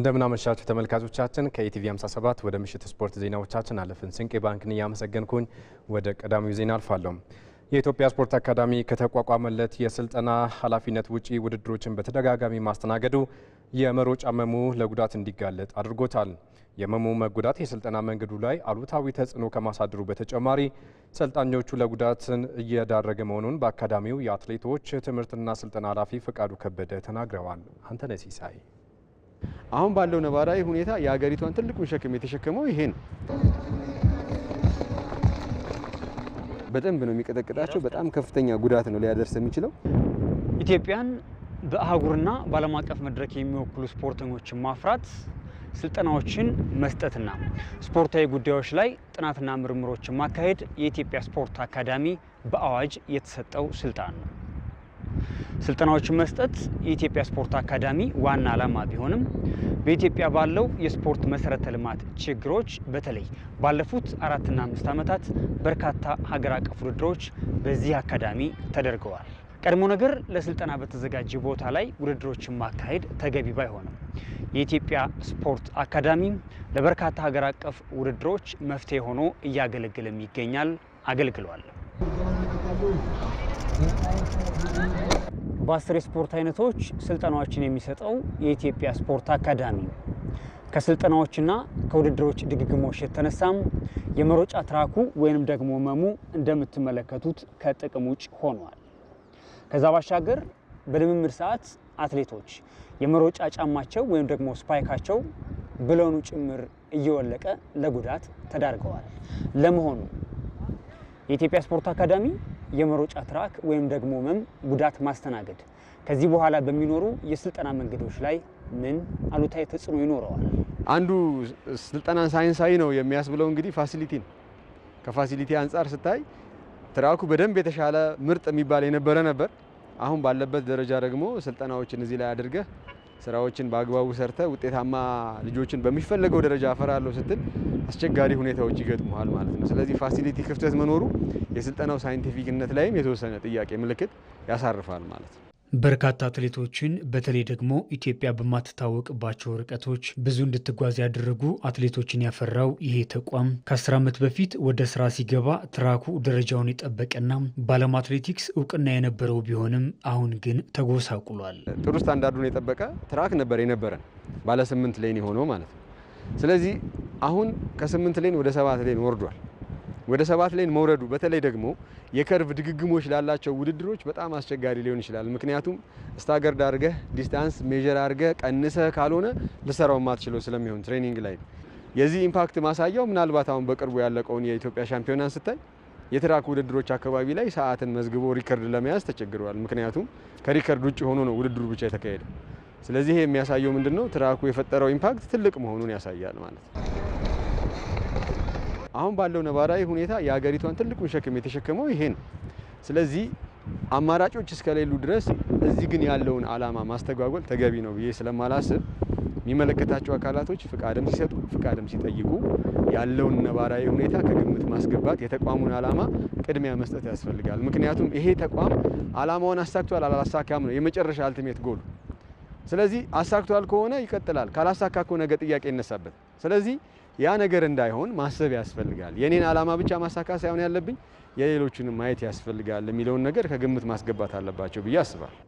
እንደምናመሻችሁ ተመልካቾቻችን፣ ከኢቲቪ 57 ወደ ምሽት ስፖርት ዜናዎቻችን አለፍን። ስንቄ ባንክን እያመሰገንኩኝ ወደ ቀዳሚው ዜና አልፋለሁ። የኢትዮጵያ ስፖርት አካዳሚ ከተቋቋመለት የስልጠና ኃላፊነት ውጪ ውድድሮችን በተደጋጋሚ ማስተናገዱ የመሮጫ መሙ ለጉዳት እንዲጋለጥ አድርጎታል። የህመሙ መጎዳት የስልጠና መንገዱ ላይ አሉታዊ ተጽዕኖ ከማሳደሩ በተጨማሪ ሰልጣኞቹ ለጉዳትን እየዳረገ መሆኑን በአካዳሚው የአትሌቶች ትምህርትና ስልጠና ኃላፊ ፈቃዱ ከበደ ተናግረዋል። አንተነህ ሲሳይ አሁን ባለው ነባራዊ ሁኔታ የሀገሪቷን ትልቁን ሸክም የተሸከመው ይሄ ነው። በደንብ ነው የሚቀጠቅጣቸው። በጣም ከፍተኛ ጉዳት ነው ሊያደርስ የሚችለው። ኢትዮጵያን በአህጉርና በዓለም አቀፍ መድረክ የሚወክሉ ስፖርተኞችን ማፍራት ስልጠናዎችን መስጠትና ስፖርታዊ ጉዳዮች ላይ ጥናትና ምርምሮችን ማካሄድ የኢትዮጵያ ስፖርት አካዳሚ በአዋጅ የተሰጠው ስልጣን ነው። ስልጠናዎችን መስጠት የኢትዮጵያ ስፖርት አካዳሚ ዋና ዓላማ ቢሆንም በኢትዮጵያ ባለው የስፖርት መሰረተ ልማት ችግሮች በተለይ ባለፉት አራትና አምስት ዓመታት በርካታ ሀገር አቀፍ ውድድሮች በዚህ አካዳሚ ተደርገዋል። ቀድሞ ነገር ለስልጠና በተዘጋጀ ቦታ ላይ ውድድሮችን ማካሄድ ተገቢ ባይሆንም የኢትዮጵያ ስፖርት አካዳሚ ለበርካታ ሀገር አቀፍ ውድድሮች መፍትሄ ሆኖ እያገለገለም ይገኛል፣ አገልግሏል። በአስር የስፖርት አይነቶች ስልጠናዎችን የሚሰጠው የኢትዮጵያ ስፖርት አካዳሚ ከስልጠናዎችና ከውድድሮች ድግግሞች የተነሳም የመሮጫ ትራኩ ወይንም ደግሞ መሙ እንደምትመለከቱት ከጥቅም ውጭ ሆኗል። ከዛ ባሻገር በልምምድ ሰዓት አትሌቶች የመሮጫ ጫማቸው ወይም ደግሞ ስፓይካቸው ብለኑ ጭምር እየወለቀ ለጉዳት ተዳርገዋል። ለመሆኑ የኢትዮጵያ ስፖርት አካዳሚ የመሮጫ ትራክ ወይም ደግሞ መም ጉዳት ማስተናገድ ከዚህ በኋላ በሚኖሩ የስልጠና መንገዶች ላይ ምን አሉታዊ ተጽዕኖ ይኖረዋል? አንዱ ስልጠና ሳይንሳዊ ነው የሚያስብለው እንግዲህ ፋሲሊቲ ነው። ከፋሲሊቲ አንጻር ስታይ ትራኩ በደንብ የተሻለ ምርጥ የሚባል የነበረ ነበር። አሁን ባለበት ደረጃ ደግሞ ስልጠናዎችን እዚህ ላይ አድርገህ ስራዎችን በአግባቡ ሰርተ ውጤታማ ልጆችን በሚፈለገው ደረጃ አፈራለሁ ስትል አስቸጋሪ ሁኔታዎች ይገጥመዋል ማለት ነው። ስለዚህ ፋሲሊቲ ክፍተት መኖሩ የስልጠናው ሳይንቲፊክነት ላይም የተወሰነ ጥያቄ ምልክት ያሳርፋል ማለት ነው። በርካታ አትሌቶችን በተለይ ደግሞ ኢትዮጵያ በማትታወቅባቸው ርቀቶች ብዙ እንድትጓዝ ያደረጉ አትሌቶችን ያፈራው ይሄ ተቋም ከአስር ዓመት በፊት ወደ ስራ ሲገባ ትራኩ ደረጃውን የጠበቀና በዓለም አትሌቲክስ እውቅና የነበረው ቢሆንም አሁን ግን ተጎሳቁሏል። ጥሩ ስታንዳርዱን የጠበቀ ትራክ ነበር የነበረን ባለ ስምንት ሌን የሆነው ማለት ነው። ስለዚህ አሁን ከስምንት ሌን ወደ ሰባት ሌን ወርዷል። ወደ ሰባት ላይን መውረዱ በተለይ ደግሞ የከርቭ ድግግሞች ላላቸው ውድድሮች በጣም አስቸጋሪ ሊሆን ይችላል። ምክንያቱም ስታገርድ አድርገህ ዲስታንስ ሜዥር አድርገህ ቀንሰህ ካልሆነ ልሰራው ማትችለው ስለሚሆን ትሬኒንግ ላይ የዚህ ኢምፓክት ማሳያው ምናልባት አሁን በቅርቡ ያለቀውን የኢትዮጵያ ሻምፒዮናን ስታይ የትራክ ውድድሮች አካባቢ ላይ ሰዓትን መዝግቦ ሪከርድ ለመያዝ ተቸግረዋል። ምክንያቱም ከሪከርድ ውጭ ሆኖ ነው ውድድሩ ብቻ የተካሄደ። ስለዚህ ይሄ የሚያሳየው ምንድን ነው? ትራኩ የፈጠረው ኢምፓክት ትልቅ መሆኑን ያሳያል ማለት ነው። አሁን ባለው ነባራዊ ሁኔታ የሀገሪቷን ትልቁን ሸክም የተሸከመው ይሄ ነው። ስለዚህ አማራጮች እስከሌሉ ድረስ እዚህ ግን ያለውን አላማ ማስተጓጎል ተገቢ ነው ብዬ ስለማላስብ የሚመለከታቸው አካላቶች ፍቃድም ሲሰጡ ፍቃድም ሲጠይቁ ያለውን ነባራዊ ሁኔታ ከግምት ማስገባት የተቋሙን ዓላማ ቅድሚያ መስጠት ያስፈልጋል። ምክንያቱም ይሄ ተቋም አላማውን አሳክቷል አላሳካም ነው የመጨረሻ አልቲሜት ጎሉ። ስለዚህ አሳክቷል ከሆነ ይቀጥላል፣ ካላሳካ ከሆነ ነገ ጥያቄ ይነሳበት። ስለዚህ ያ ነገር እንዳይሆን ማሰብ ያስፈልጋል። የኔን ዓላማ ብቻ ማሳካ ሳይሆን ያለብኝ የሌሎችንም ማየት ያስፈልጋል የሚለውን ነገር ከግምት ማስገባት አለባቸው ብዬ አስባለሁ።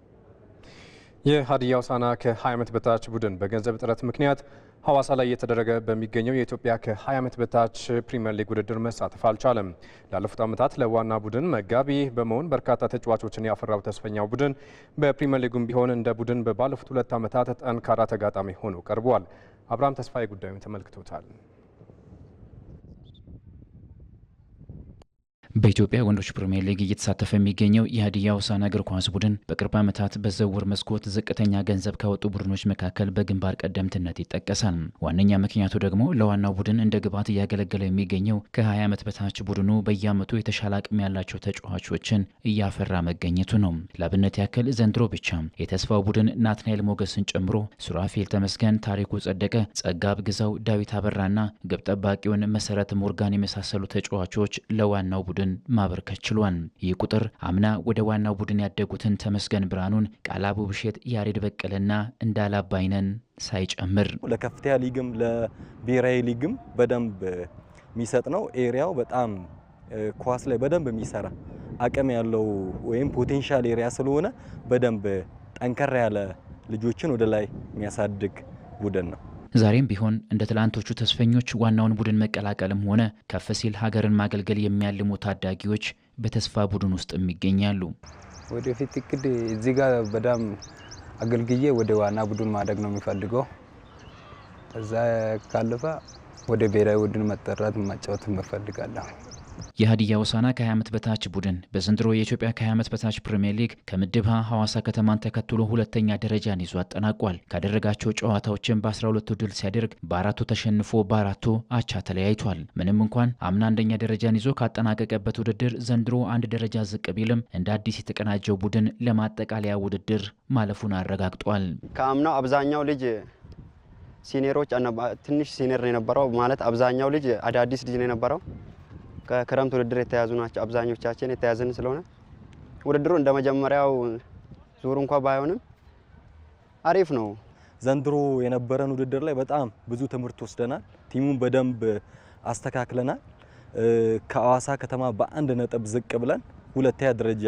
የሀዲያ ሆሳዕና ከ20 ዓመት በታች ቡድን በገንዘብ እጥረት ምክንያት ሐዋሳ ላይ እየተደረገ በሚገኘው የኢትዮጵያ ከ20 ዓመት በታች ፕሪምየር ሊግ ውድድር መሳተፍ አልቻለም። ላለፉት ዓመታት ለዋና ቡድን መጋቢ በመሆን በርካታ ተጫዋቾችን ያፈራው ተስፈኛው ቡድን በፕሪምየር ሊጉም ቢሆን እንደ ቡድን በባለፉት ሁለት ዓመታት ጠንካራ ተጋጣሚ ሆኖ ቀርቧል። አብርሃም ተስፋዬ ጉዳዩን ተመልክቶታል። በኢትዮጵያ ወንዶች ፕሪምየር ሊግ እየተሳተፈ የሚገኘው የሀዲያ ሆሳዕና እግር ኳስ ቡድን በቅርብ ዓመታት በዝውውር መስኮት ዝቅተኛ ገንዘብ ካወጡ ቡድኖች መካከል በግንባር ቀደምትነት ይጠቀሳል። ዋነኛ ምክንያቱ ደግሞ ለዋናው ቡድን እንደ ግብዓት እያገለገለ የሚገኘው ከ20 ዓመት በታች ቡድኑ በየዓመቱ የተሻለ አቅም ያላቸው ተጫዋቾችን እያፈራ መገኘቱ ነው። ለአብነት ያክል ዘንድሮ ብቻ የተስፋው ቡድን ናትናኤል ሞገስን ጨምሮ ሱራፌል ተመስገን፣ ታሪኩ ጸደቀ፣ ጸጋብ ግዛው፣ ዳዊት አበራና ግብ ጠባቂውን መሰረት ሞርጋን የመሳሰሉ ተጫዋቾች ለዋናው ቡድን ቡድን ማበርከት ችሏል። ይህ ቁጥር አምና ወደ ዋናው ቡድን ያደጉትን ተመስገን ብርሃኑን፣ ቃላቡ ብሼት፣ ያሬድ በቀለና እንዳላባይነን ሳይጨምር ለከፍተኛ ሊግም ለብሔራዊ ሊግም በደንብ የሚሰጥ ነው። ኤሪያው በጣም ኳስ ላይ በደንብ የሚሰራ አቅም ያለው ወይም ፖቴንሻል ኤሪያ ስለሆነ በደንብ ጠንከር ያለ ልጆችን ወደ ላይ የሚያሳድግ ቡድን ነው። ዛሬም ቢሆን እንደ ትላንቶቹ ተስፈኞች ዋናውን ቡድን መቀላቀልም ሆነ ከፍ ሲል ሀገርን ማገልገል የሚያልሙ ታዳጊዎች በተስፋ ቡድን ውስጥም ይገኛሉ። ወደፊት እቅድ እዚህ ጋር በጣም አገልግዬ ወደ ዋና ቡድን ማደግ ነው የሚፈልገው። እዛ ካለፈ ወደ ብሔራዊ ቡድን መጠራት መጫወት እንፈልጋለን። የሀዲያ ሆሳዕና ከ20 ዓመት በታች ቡድን በዘንድሮ የኢትዮጵያ ከ20 ዓመት በታች ፕሪምየር ሊግ ከምድብ ሀ ሐዋሳ ከተማን ተከትሎ ሁለተኛ ደረጃን ይዞ አጠናቋል። ካደረጋቸው ጨዋታዎችን በ12ቱ ድል ሲያደርግ በአራቱ ተሸንፎ በአራቱ አቻ ተለያይቷል። ምንም እንኳን አምና አንደኛ ደረጃን ይዞ ካጠናቀቀበት ውድድር ዘንድሮ አንድ ደረጃ ዝቅ ቢልም እንደ አዲስ የተቀናጀው ቡድን ለማጠቃለያ ውድድር ማለፉን አረጋግጧል። ከአምናው አብዛኛው ልጅ ሲኒየሮች ትንሽ ሲኒየር ነው የነበረው። ማለት አብዛኛው ልጅ አዳዲስ ልጅ ነው የነበረው ከክረምት ውድድር የተያዙ ናቸው። አብዛኞቻችን የተያዝን ስለሆነ ውድድሩ እንደ መጀመሪያው ዙር እንኳ ባይሆንም አሪፍ ነው። ዘንድሮ የነበረን ውድድር ላይ በጣም ብዙ ትምህርት ወስደናል። ቲሙን በደንብ አስተካክለናል። ከአዋሳ ከተማ በአንድ ነጥብ ዝቅ ብለን ሁለተኛ ደረጃ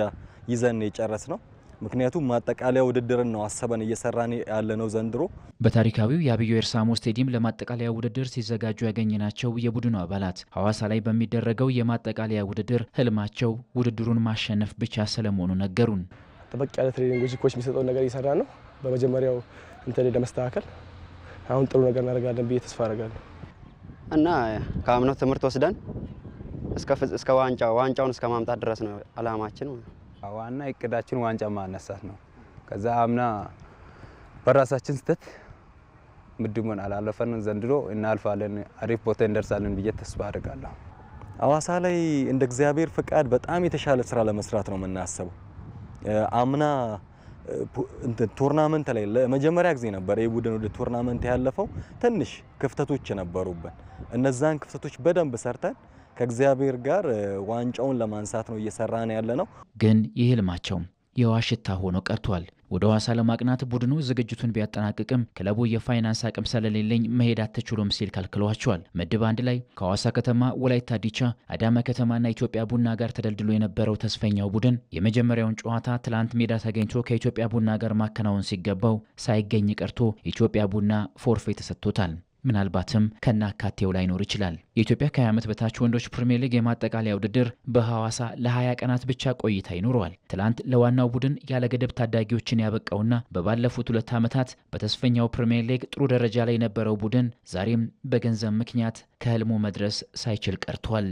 ይዘን የጨረስ ነው። ምክንያቱም ማጠቃለያ ውድድርን ነው አሰበን እየሰራን ያለነው ዘንድሮ። በታሪካዊው የአብዮ ኤርሳሞ ስቴዲየም ለማጠቃለያ ውድድር ሲዘጋጁ ያገኘናቸው የቡድኑ አባላት ሐዋሳ ላይ በሚደረገው የማጠቃለያ ውድድር ህልማቸው ውድድሩን ማሸነፍ ብቻ ስለመሆኑ ነገሩን። ጠበቅ ያለ ትሬኒንጎች ኮች የሚሰጠውን ነገር እየሰራ ነው። በመጀመሪያው እንትን ለመስተካከል አሁን ጥሩ ነገር እናደርጋለን ብዬ ተስፋ አደርጋለሁ እና ከአምናው ትምህርት ወስደን እስከ ዋንጫ ዋንጫውን እስከ ማምጣት ድረስ ነው አላማችን። ዋና እቅዳችን ዋንጫ ማነሳት ነው። ከዛ አምና በራሳችን ስህተት ምድቡን አላለፈን። ዘንድሮ እናልፋለን፣ አሪፍ ቦታ እንደርሳለን ብዬ ተስፋ አድርጋለሁ። አዋሳ ላይ እንደ እግዚአብሔር ፍቃድ በጣም የተሻለ ስራ ለመስራት ነው የምናስበው። አምና ቱርናመንት ላይ ለመጀመሪያ ጊዜ ነበር ይህ ቡድን ወደ ቱርናመንት ያለፈው። ትንሽ ክፍተቶች ነበሩብን። እነዛን ክፍተቶች በደንብ ሰርተን ከእግዚአብሔር ጋር ዋንጫውን ለማንሳት ነው እየሰራን ያለ ነው። ግን ይህ ህልማቸውም የውሃ ሽታ ሆኖ ቀርቷል። ወደ ዋሳ ለማቅናት ቡድኑ ዝግጅቱን ቢያጠናቅቅም ክለቡ የፋይናንስ አቅም ስለሌለኝ መሄድ አትችሉም ሲል ከልክሏቸዋል። ምድብ አንድ ላይ ከሐዋሳ ከተማ፣ ወላይታ ዲቻ፣ አዳማ ከተማና ኢትዮጵያ ቡና ጋር ተደልድሎ የነበረው ተስፈኛው ቡድን የመጀመሪያውን ጨዋታ ትላንት ሜዳ ተገኝቶ ከኢትዮጵያ ቡና ጋር ማከናወን ሲገባው ሳይገኝ ቀርቶ ኢትዮጵያ ቡና ፎርፌ ተሰጥቶታል። ምናልባትም ከነአካቴው ላይኖር ይችላል። የኢትዮጵያ ከ20 ዓመት በታች ወንዶች ፕሪምየር ሊግ የማጠቃለያ ውድድር በሐዋሳ ለ20 ቀናት ብቻ ቆይታ ይኖረዋል። ትላንት ለዋናው ቡድን ያለ ገደብ ታዳጊዎችን ያበቃውና በባለፉት ሁለት ዓመታት በተስፈኛው ፕሪምየር ሊግ ጥሩ ደረጃ ላይ የነበረው ቡድን ዛሬም በገንዘብ ምክንያት ከህልሙ መድረስ ሳይችል ቀርቷል።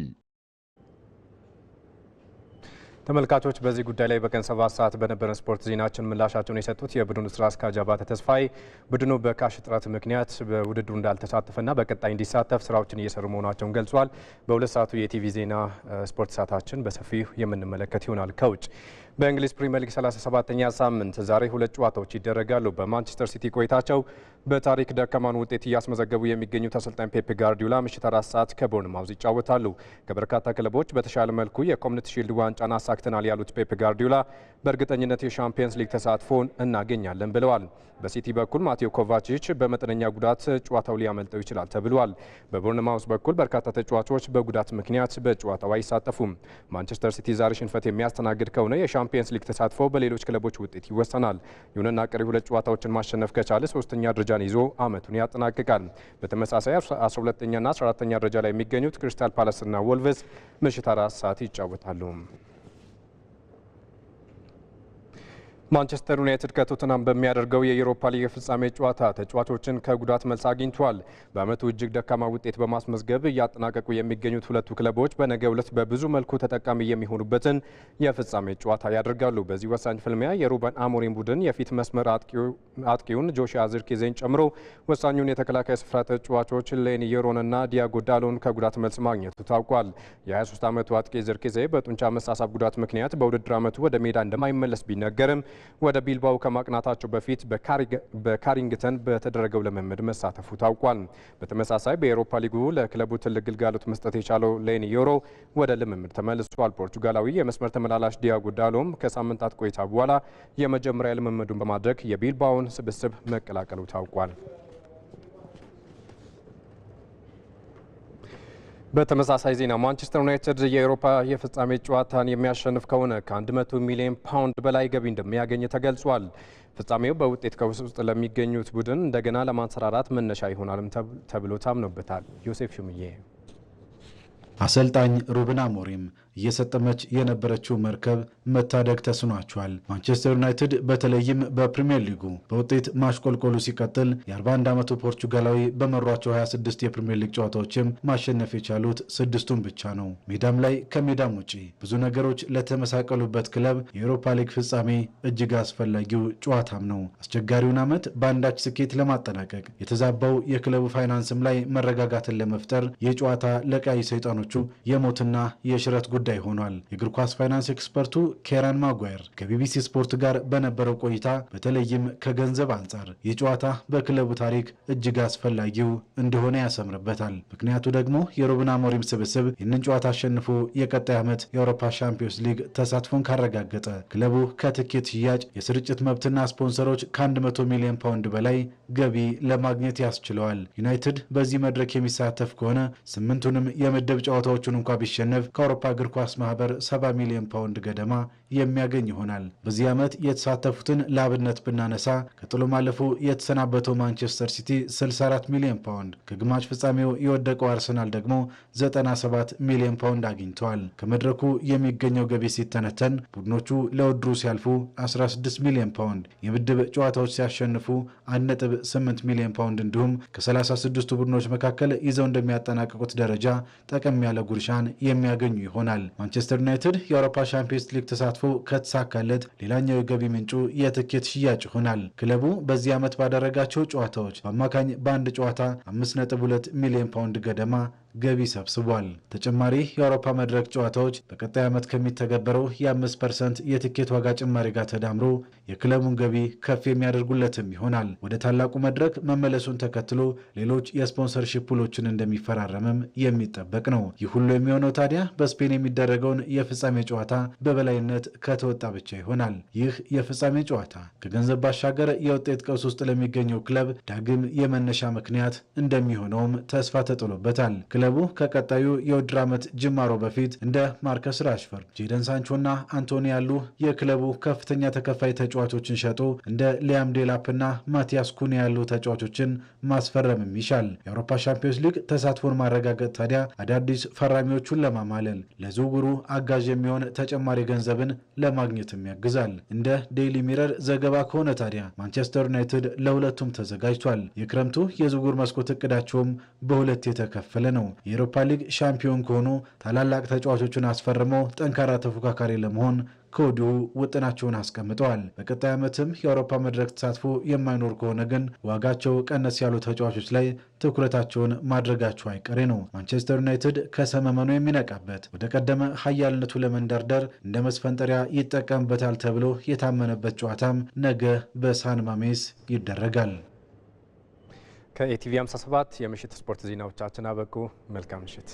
ተመልካቾች በዚህ ጉዳይ ላይ በቀን ሰባት ሰዓት በነበረን ስፖርት ዜናችን ምላሻቸውን የሰጡት የቡድኑ ስራ አስኪያጅ አባተ ቡድኑ በካሽ እጥረት ምክንያት በውድድሩ እንዳልተሳተፈና በቀጣይ እንዲሳተፍ ስራዎችን እየሰሩ መሆናቸውን ገልጿል። በሁለት ሰዓቱ የቲቪ ዜና ስፖርት ሰዓታችን በሰፊው የምንመለከት ይሆናል። ከውጭ በእንግሊዝ ፕሪምየር ሊግ 37ኛ ሳምንት ዛሬ ሁለት ጨዋታዎች ይደረጋሉ። በማንቸስተር ሲቲ ቆይታቸው በታሪክ ደካማን ውጤት እያስመዘገቡ የሚገኙ አሰልጣኝ ፔፕ ጋርዲዮላ ምሽት አራት ሰዓት ማውዝ ይጫወታሉ። ከበርካታ ክለቦች በተሻለ መልኩ የኮሚኒቲ ሺልድ ዋንጫን አሳክተናል ያሉት ፔፕ ጋርዲዮላ በእርግጠኝነት የሻምፒየንስ ሊግ ተሳትፎን እናገኛለን ብለዋል። በሲቲ በኩል ማቴዎ ኮቫቺች በመጠነኛ ጉዳት ጨዋታው ሊያመልጠው ይችላል ተብሏል። ማውዝ በኩል በርካታ ተጫዋቾች በጉዳት ምክንያት በጨዋታው አይሳተፉም። ማንቸስተር ሲቲ ዛሬ ሽንፈት የሚያስተናግድ ከሆነ የሻምፒየንስ ሊግ ተሳትፎ በሌሎች ክለቦች ውጤት ይወሰናል። ይሁንና ቀሪ ሁለት ጨዋታዎችን ማሸነፍ ከቻለ ሶስተኛ ደረጃን ይዞ አመቱን ያጠናቅቃል። በተመሳሳይ 12ኛና 14ኛ ደረጃ ላይ የሚገኙት ክሪስታል ፓላስና ወልቨስ ምሽት አራት ሰዓት ይጫወታሉ። ማንቸስተር ዩናይትድ ከቶተናም በሚያደርገው የዩሮፓ ሊግ ፍጻሜ ጨዋታ ተጫዋቾችን ከጉዳት መልስ አግኝቷል። በዓመቱ እጅግ ደካማ ውጤት በማስመዝገብ እያጠናቀቁ የሚገኙት ሁለቱ ክለቦች በነገ ዕለት በብዙ መልኩ ተጠቃሚ የሚሆኑበትን የፍጻሜ ጨዋታ ያደርጋሉ። በዚህ ወሳኝ ፍልሚያ የሩበን አሞሪን ቡድን የፊት መስመር አጥቂውን ጆሽያ ዝርኪዜን ጨምሮ ወሳኙን የተከላካይ ስፍራ ተጫዋቾች ሌኒ የሮንና ዲያጎ ዳሎን ከጉዳት መልስ ማግኘቱ ታውቋል። የ23 ዓመቱ አጥቂ ዚርክዜ በጡንቻ መሳሳብ ጉዳት ምክንያት በውድድር ዓመቱ ወደ ሜዳ እንደማይመለስ ቢነገርም ወደ ቢልባው ከማቅናታቸው በፊት በካሪንግተን በተደረገው ልምምድ መሳተፉ ታውቋል። በተመሳሳይ በኤሮፓ ሊጉ ለክለቡ ትልቅ ግልጋሎት መስጠት የቻለው ሌኒ ዮሮ ወደ ልምምድ ተመልሷል። ፖርቱጋላዊ የመስመር ተመላላሽ ዲያጎ ዳሎም ከሳምንታት ቆይታ በኋላ የመጀመሪያ ልምምዱን በማድረግ የቢልባውን ስብስብ መቀላቀሉ ታውቋል። በተመሳሳይ ዜና ማንቸስተር ዩናይትድ የአውሮፓ የፍጻሜ ጨዋታን የሚያሸንፍ ከሆነ ከ100 ሚሊዮን ፓውንድ በላይ ገቢ እንደሚያገኝ ተገልጿል። ፍጻሜው በውጤት ከውስ ውስጥ ለሚገኙት ቡድን እንደገና ለማንሰራራት መነሻ ይሆናልም ተብሎ ታምኖበታል። ዮሴፍ ሹምዬ አሰልጣኝ ሩብን አሞሪም እየሰጠመች የነበረችው መርከብ መታደግ ተስኗቸዋል። ማንቸስተር ዩናይትድ በተለይም በፕሪምየር ሊጉ በውጤት ማሽቆልቆሉ ሲቀጥል የ41 ዓመቱ ፖርቹጋላዊ በመሯቸው 26 የፕሪምየር ሊግ ጨዋታዎችም ማሸነፍ የቻሉት ስድስቱን ብቻ ነው። ሜዳም ላይ ከሜዳም ውጪ ብዙ ነገሮች ለተመሳቀሉበት ክለብ የአውሮፓ ሊግ ፍጻሜ እጅግ አስፈላጊው ጨዋታም ነው። አስቸጋሪውን ዓመት በአንዳች ስኬት ለማጠናቀቅ የተዛባው የክለቡ ፋይናንስም ላይ መረጋጋትን ለመፍጠር የጨዋታ ለቀያይ ሰይጣኖቹ የሞትና የሽረት ።ጉ ጉዳይ ሆኗል። የእግር ኳስ ፋይናንስ ኤክስፐርቱ ኬራን ማጓየር ከቢቢሲ ስፖርት ጋር በነበረው ቆይታ በተለይም ከገንዘብ አንጻር ይህ ጨዋታ በክለቡ ታሪክ እጅግ አስፈላጊው እንደሆነ ያሰምርበታል። ምክንያቱ ደግሞ የሩብና ሞሪም ስብስብ ይህንን ጨዋታ አሸንፎ የቀጣይ ዓመት የአውሮፓ ሻምፒዮንስ ሊግ ተሳትፎን ካረጋገጠ ክለቡ ከትኬት ሽያጭ፣ የስርጭት መብትና ስፖንሰሮች ከ100 ሚሊዮን ፓውንድ በላይ ገቢ ለማግኘት ያስችለዋል። ዩናይትድ በዚህ መድረክ የሚሳተፍ ከሆነ ስምንቱንም የምድብ ጨዋታዎቹን እንኳ ቢሸነፍ ከአውሮፓ እግር ኳስ ማህበር 70 ሚሊዮን ፓውንድ ገደማ የሚያገኝ ይሆናል። በዚህ ዓመት የተሳተፉትን ለአብነት ብናነሳ ከጥሎ ማለፉ የተሰናበተው ማንቸስተር ሲቲ 64 ሚሊዮን ፓውንድ፣ ከግማሽ ፍጻሜው የወደቀው አርሰናል ደግሞ 97 ሚሊዮን ፓውንድ አግኝተዋል። ከመድረኩ የሚገኘው ገቢ ሲተነተን ቡድኖቹ ለውድሩ ሲያልፉ 16 ሚሊዮን ፓውንድ፣ የምድብ ጨዋታዎች ሲያሸንፉ 1.8 ሚሊዮን ፓውንድ እንዲሁም ከ36ቱ ቡድኖች መካከል ይዘው እንደሚያጠናቅቁት ደረጃ ጠቀም ያለ ጉርሻን የሚያገኙ ይሆናል። ገልጸዋል። ማንቸስተር ዩናይትድ የአውሮፓ ሻምፒዮንስ ሊግ ተሳትፎ ከተሳካለት ሌላኛው የገቢ ምንጩ የትኬት ሽያጭ ይሆናል። ክለቡ በዚህ ዓመት ባደረጋቸው ጨዋታዎች በአማካኝ በአንድ ጨዋታ 5.2 ሚሊዮን ፓውንድ ገደማ ገቢ ሰብስቧል። ተጨማሪ የአውሮፓ መድረክ ጨዋታዎች በቀጣይ ዓመት ከሚተገበረው የአምስት ፐርሰንት የትኬት ዋጋ ጭማሪ ጋር ተዳምሮ የክለቡን ገቢ ከፍ የሚያደርጉለትም ይሆናል። ወደ ታላቁ መድረክ መመለሱን ተከትሎ ሌሎች የስፖንሰርሺፕ ውሎችን እንደሚፈራረምም የሚጠበቅ ነው። ይህ ሁሉ የሚሆነው ታዲያ በስፔን የሚደረገውን የፍጻሜ ጨዋታ በበላይነት ከተወጣ ብቻ ይሆናል። ይህ የፍጻሜ ጨዋታ ከገንዘብ ባሻገር የውጤት ቀውስ ውስጥ ለሚገኘው ክለብ ዳግም የመነሻ ምክንያት እንደሚሆነውም ተስፋ ተጥሎበታል። ክለቡ ከቀጣዩ የውድድር ዓመት ጅማሮ በፊት እንደ ማርከስ ራሽፈርድ፣ ጄደን ሳንቾና አንቶኒ ያሉ የክለቡ ከፍተኛ ተከፋይ ተጫዋቾችን ሸጦ እንደ ሊያም ዴላፕና ማቲያስ ኩኒ ያሉ ተጫዋቾችን ማስፈረምም ይሻል። የአውሮፓ ሻምፒዮንስ ሊግ ተሳትፎን ማረጋገጥ ታዲያ አዳዲስ ፈራሚዎቹን ለማማለል ለዝውውሩ አጋዥ የሚሆን ተጨማሪ ገንዘብን ለማግኘትም ያግዛል። እንደ ዴይሊ ሚረር ዘገባ ከሆነ ታዲያ ማንቸስተር ዩናይትድ ለሁለቱም ተዘጋጅቷል። የክረምቱ የዝውውር መስኮት እቅዳቸውም በሁለት የተከፈለ ነው። የአውሮፓ ሊግ ሻምፒዮን ከሆኑ ታላላቅ ተጫዋቾቹን አስፈርሞ ጠንካራ ተፎካካሪ ለመሆን ከወዲሁ ውጥናቸውን አስቀምጠዋል። በቀጣይ ዓመትም የአውሮፓ መድረክ ተሳትፎ የማይኖር ከሆነ ግን ዋጋቸው ቀነስ ያሉ ተጫዋቾች ላይ ትኩረታቸውን ማድረጋቸው አይቀሬ ነው። ማንቸስተር ዩናይትድ ከሰመመኑ የሚነቃበት ወደ ቀደመ ኃያልነቱ ለመንደርደር እንደ መስፈንጠሪያ ይጠቀምበታል ተብሎ የታመነበት ጨዋታም ነገ በሳን ማሜስ ይደረጋል። ከኤቲቪ 57 የምሽት ስፖርት ዜናዎቻችን አበቁ። መልካም ምሽት።